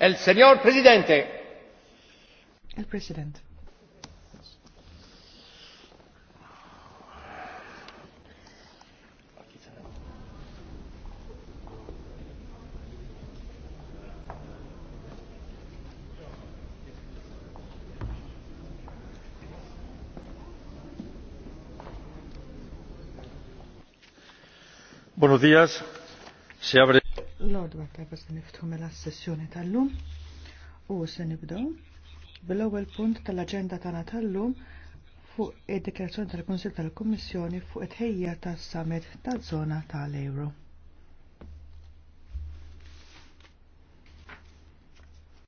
El Señor Presidente. El President. Buenos días. Se abre. L-ordwa tajba se niftħu mela s-sessjoni tal-lum u se nibdew bil-ewwel punt tal-aġenda tagħna tal-lum fuq id-dikjarazzjoni tal-Kunsill tal-Kummissjoni fuq it-ħejja tas-summit taż zona tal-Ewro.